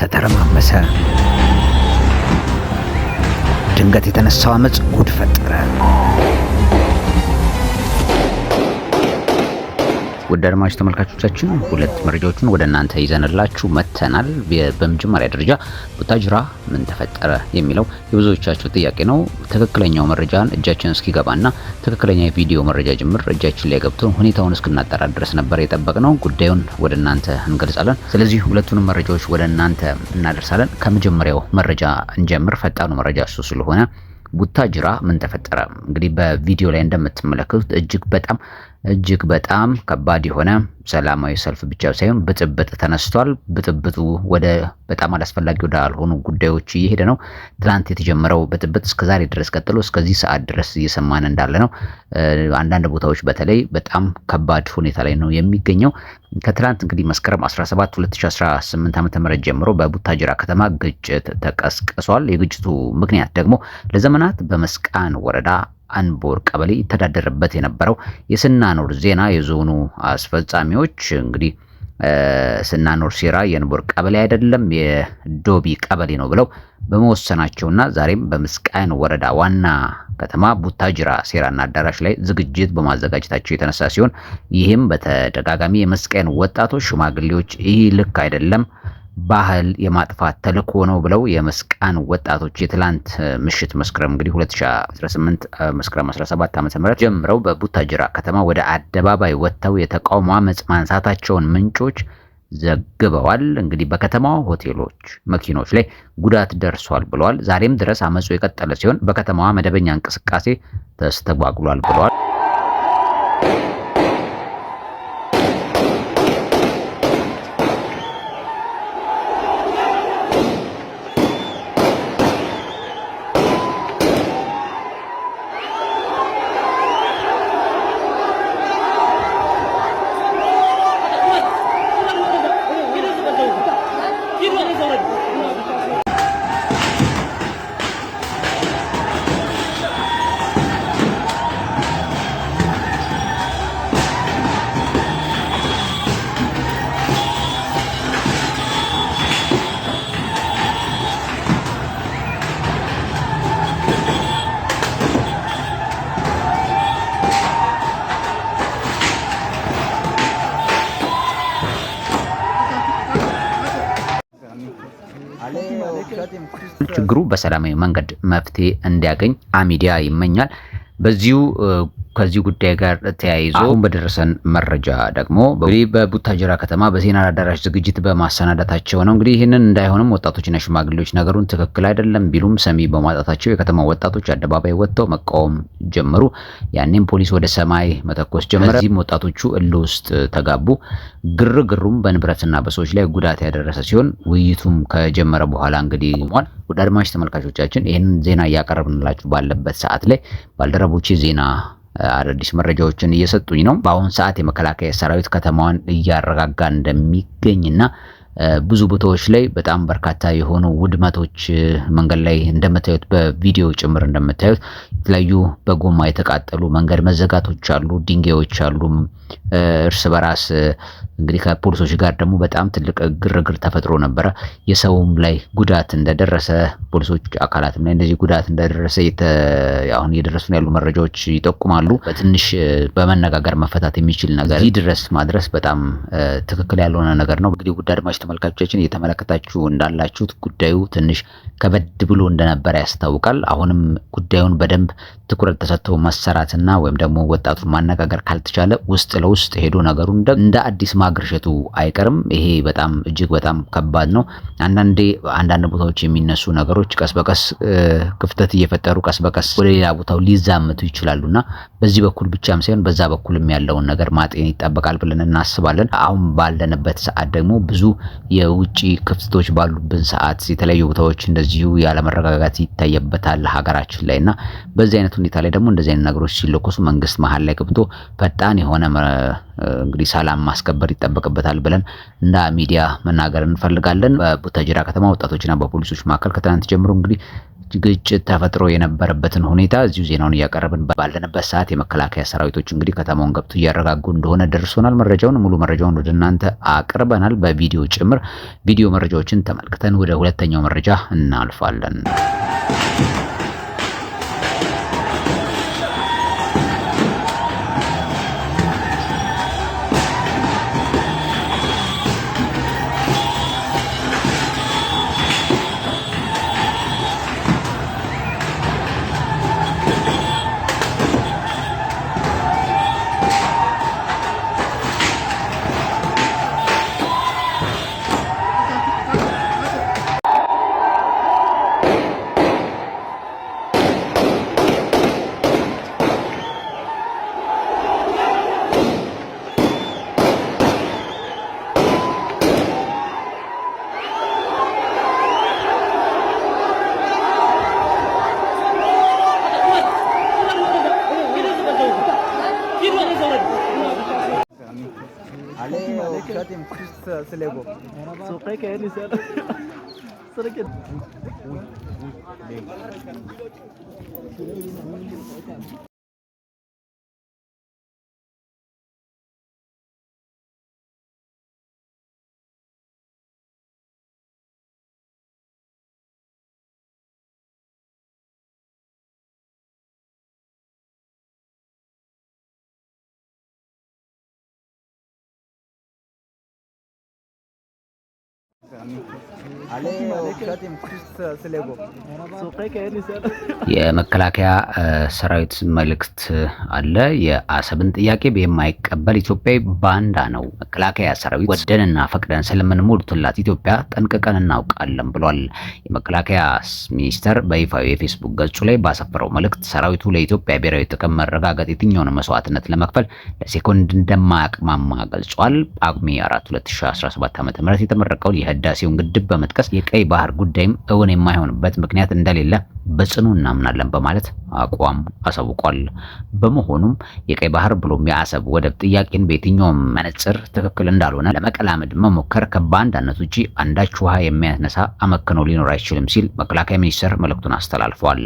ተተረማመሰ። ድንገት የተነሳው አመፅ ጉድ ፈጠረ። ውድ አድማጭ ተመልካቾቻችን ሁለት መረጃዎችን ወደ እናንተ ይዘንላችሁ መጥተናል። በመጀመሪያ ደረጃ ቡታጅራ ምን ተፈጠረ የሚለው የብዙዎቻችሁ ጥያቄ ነው። ትክክለኛው መረጃን እጃችን እስኪገባና ትክክለኛ የቪዲዮ መረጃ ጀምር እጃችን ላይ ገብቶ ሁኔታውን እስክናጠራ ድረስ ነበር የጠበቅነው። ጉዳዩን ወደ እናንተ እንገልጻለን። ስለዚህ ሁለቱንም መረጃዎች ወደ እናንተ እናደርሳለን። ከመጀመሪያው መረጃ እንጀምር። ፈጣኑ መረጃ እሱ ስለሆነ ቡታጅራ ምን ተፈጠረ? እንግዲህ በቪዲዮ ላይ እንደምትመለከቱት እጅግ በጣም እጅግ በጣም ከባድ የሆነ ሰላማዊ ሰልፍ ብቻ ሳይሆን ብጥብጥ ተነስቷል። ብጥብጡ ወደ በጣም አላስፈላጊ ወደ አልሆኑ ጉዳዮች እየሄደ ነው። ትናንት የተጀመረው ብጥብጥ ዛሬ ድረስ ቀጥሎ እስከዚህ ሰዓት ድረስ እየሰማን እንዳለ ነው። አንዳንድ ቦታዎች በተለይ በጣም ከባድ ሁኔታ ላይ ነው የሚገኘው። ከትላንት እንግዲህ መስከረም 17 2018 ዓ ም ጀምሮ በቡታጅራ ከተማ ግጭት ተቀስቅሷል። የግጭቱ ምክንያት ደግሞ ለዘመናት በመስቃን ወረዳ አንቦር ቀበሌ ይተዳደርበት የነበረው የስናኖር ዜና የዞኑ አስፈጻሚዎች እንግዲህ ስናኖር ሲራ የንቦር ቀበሌ አይደለም የዶቢ ቀበሌ ነው ብለው በመወሰናቸውና ዛሬም በምስቃን ወረዳ ዋና ከተማ ቡታጅራ ሴራና አዳራሽ ላይ ዝግጅት በማዘጋጀታቸው የተነሳ ሲሆን ይህም በተደጋጋሚ የመስቀን ወጣቶች፣ ሽማግሌዎች ይህ ልክ አይደለም ባህል የማጥፋት ተልእኮ ነው ብለው የመስቃን ወጣቶች የትላንት ምሽት መስከረም እንግዲህ 2018 መስከረም 17 ዓ ም ጀምረው በቡታጅራ ከተማ ወደ አደባባይ ወጥተው የተቃውሞ አመፅ ማንሳታቸውን ምንጮች ዘግበዋል። እንግዲህ በከተማዋ ሆቴሎች፣ መኪኖች ላይ ጉዳት ደርሷል ብለዋል። ዛሬም ድረስ አመፁ የቀጠለ ሲሆን በከተማዋ መደበኛ እንቅስቃሴ ተስተጓጉሏል ብለዋል። ችግሩ በሰላማዊ መንገድ መፍትሄ እንዲያገኝ አሚዲያ ይመኛል። በዚሁ ከዚህ ጉዳይ ጋር ተያይዞ አሁን በደረሰን መረጃ ደግሞ እንግዲህ በቡታጅራ ከተማ በዜና አዳራሽ ዝግጅት በማሰናዳታቸው ነው። እንግዲህ ይህንን እንዳይሆንም ወጣቶችና ሽማግሌዎች ነገሩን ትክክል አይደለም ቢሉም ሰሚ በማጣታቸው የከተማ ወጣቶች አደባባይ ወጥተው መቃወም ጀመሩ። ያኔም ፖሊስ ወደ ሰማይ መተኮስ ጀመረ። በዚህም ወጣቶቹ እል ውስጥ ተጋቡ። ግርግሩም በንብረትና በሰዎች ላይ ጉዳት ያደረሰ ሲሆን ውይይቱም ከጀመረ በኋላ እንግዲህ ሟል ውድ አድማጭ ተመልካቾቻችን ይህንን ዜና እያቀረብንላችሁ ባለበት ሰዓት ላይ ባልደረቦቼ ዜና አዳዲስ መረጃዎችን እየሰጡኝ ነው። በአሁን ሰዓት የመከላከያ ሰራዊት ከተማዋን እያረጋጋ እንደሚገኝና ብዙ ቦታዎች ላይ በጣም በርካታ የሆኑ ውድመቶች መንገድ ላይ እንደምታዩት በቪዲዮ ጭምር እንደምታዩት የተለያዩ በጎማ የተቃጠሉ መንገድ መዘጋቶች አሉ፣ ድንጋዮች አሉ። እርስ በራስ እንግዲህ ከፖሊሶች ጋር ደግሞ በጣም ትልቅ ግርግር ተፈጥሮ ነበረ። የሰውም ላይ ጉዳት እንደደረሰ ፖሊሶች አካላትም ላይ እንደዚህ ጉዳት እንደደረሰ አሁን እየደረሱ ያሉ መረጃዎች ይጠቁማሉ። በትንሽ በመነጋገር መፈታት የሚችል ነገር ድረስ ማድረስ በጣም ትክክል ያልሆነ ነገር ነው። እንግዲህ ጉዳድማች ተመልካቾቻችን እየተመለከታችሁ እንዳላችሁት ጉዳዩ ትንሽ ከበድ ብሎ እንደነበረ ያስታውቃል። አሁንም ጉዳዩን በደንብ ትኩረት ተሰጥቶ መሰራትና ወይም ደግሞ ወጣቱን ማነጋገር ካልተቻለ ውስጥ ለውስጥ ሄዶ ነገሩ እንደ አዲስ ማግረሸቱ አይቀርም። ይሄ በጣም እጅግ በጣም ከባድ ነው። አንዳንዴ አንዳንድ ቦታዎች የሚነሱ ነገሮች ቀስ በቀስ ክፍተት እየፈጠሩ ቀስ በቀስ ወደ ሌላ ቦታው ሊዛመቱ ይችላሉና በዚህ በኩል ብቻም ሳይሆን በዛ በኩልም ያለውን ነገር ማጤን ይጠበቃል ብለን እናስባለን። አሁን ባለንበት ሰዓት ደግሞ ብዙ የውጭ ክፍተቶች ባሉብን ሰዓት የተለያዩ ቦታዎች እንደዚሁ ያለመረጋጋት ይታየበታል ሀገራችን ላይ እና በዚህ አይነት ሁኔታ ላይ ደግሞ እንደዚህ አይነት ነገሮች ሲለኮሱ መንግስት መሀል ላይ ገብቶ ፈጣን የሆነ እንግዲህ ሰላም ማስከበር ይጠበቅበታል ብለን እንደ ሚዲያ መናገር እንፈልጋለን። በቡታጅራ ከተማ ወጣቶችና በፖሊሶች መካከል ከትናንት ጀምሮ እንግዲህ ግጭት ተፈጥሮ የነበረበትን ሁኔታ እዚሁ ዜናውን እያቀረብን ባለንበት ሰዓት የመከላከያ ሰራዊቶች እንግዲህ ከተማውን ገብቶ እያረጋጉ እንደሆነ ደርሶናል። መረጃውን ሙሉ መረጃውን ወደ እናንተ አቅርበናል፣ በቪዲዮ ጭምር። ቪዲዮ መረጃዎችን ተመልክተን ወደ ሁለተኛው መረጃ እናልፋለን። عليه وكاتي ما كنتش تسلبه سوقي كاني سالك سرقت የመከላከያ ሰራዊት መልእክት አለ። የአሰብን ጥያቄ የማይቀበል ኢትዮጵያዊ ባንዳ ነው። መከላከያ ሰራዊት ወደንና ፈቅደን ስለምንሞሉትላት ኢትዮጵያ ጠንቅቀን እናውቃለን ብሏል። የመከላከያ ሚኒስቴር በይፋዊ የፌስቡክ ገጹ ላይ ባሰፈረው መልእክት ሰራዊቱ ለኢትዮጵያ ብሔራዊ ጥቅም መረጋገጥ የትኛውን መስዋዕትነት ለመክፈል ለሴኮንድ እንደማያቅማማ ገልጿል። ጳጉሜ 4 2017 ዓ ም የተመረቀውን የህዳሴውን ግድብ በመጥቀስ የቀይ ባህር ጉዳይም እውን የማይሆንበት ምክንያት እንደሌለ በጽኑ እናምናለን በማለት አቋም አሳውቋል። በመሆኑም የቀይ ባህር ብሎም የአሰብ ወደብ ጥያቄን በየትኛውም መነጽር ትክክል እንዳልሆነ ለመቀላመድ መሞከር ከባንዳነት ውጪ አንዳች ውሃ የሚያነሳ አመክኖ ሊኖር አይችልም ሲል መከላከያ ሚኒስቴር መልእክቱን አስተላልፏል።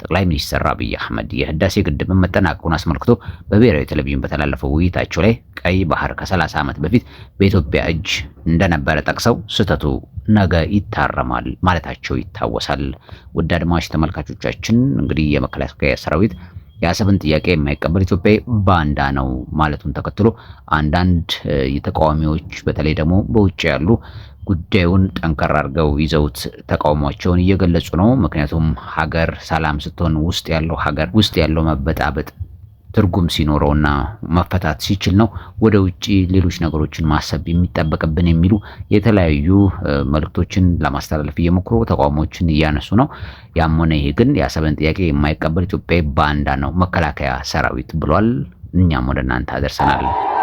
ጠቅላይ ሚኒስትር አብይ አህመድ የህዳሴ ግድብን መጠናቀቁን አስመልክቶ በብሔራዊ ቴሌቪዥን በተላለፈው ውይይታቸው ላይ ቀይ ባህር ከ30 ዓመት በፊት በኢትዮጵያ እጅ እንደነበረ ጠቅሰው ስህተቱ ነገ ይታረማል ማለታቸው ይታወሳል። ውድ አድማጭ ተመልካቾቻችን እንግዲህ የመከላከያ ሰራዊት የአሰብን ጥያቄ የማይቀበል ኢትዮጵያዊ ባንዳ ነው ማለቱን ተከትሎ አንዳንድ የተቃዋሚዎች በተለይ ደግሞ በውጭ ያሉ ጉዳዩን ጠንከር አድርገው ይዘውት ተቃውሟቸውን እየገለጹ ነው። ምክንያቱም ሀገር ሰላም ስትሆን ውስጥ ያለው ሀገር ውስጥ ያለው መበጣበጥ ትርጉም ሲኖረውና መፈታት ሲችል ነው ወደ ውጭ ሌሎች ነገሮችን ማሰብ የሚጠበቅብን የሚሉ የተለያዩ መልእክቶችን ለማስተላለፍ እየሞክሩ ተቃውሞችን እያነሱ ነው። ያም ሆነ ይሄ ግን የአሰብን ጥያቄ የማይቀበል ኢትዮጵያዊ ባንዳ ነው መከላከያ ሰራዊት ብሏል። እኛም ወደ እናንተ አደርሰናል።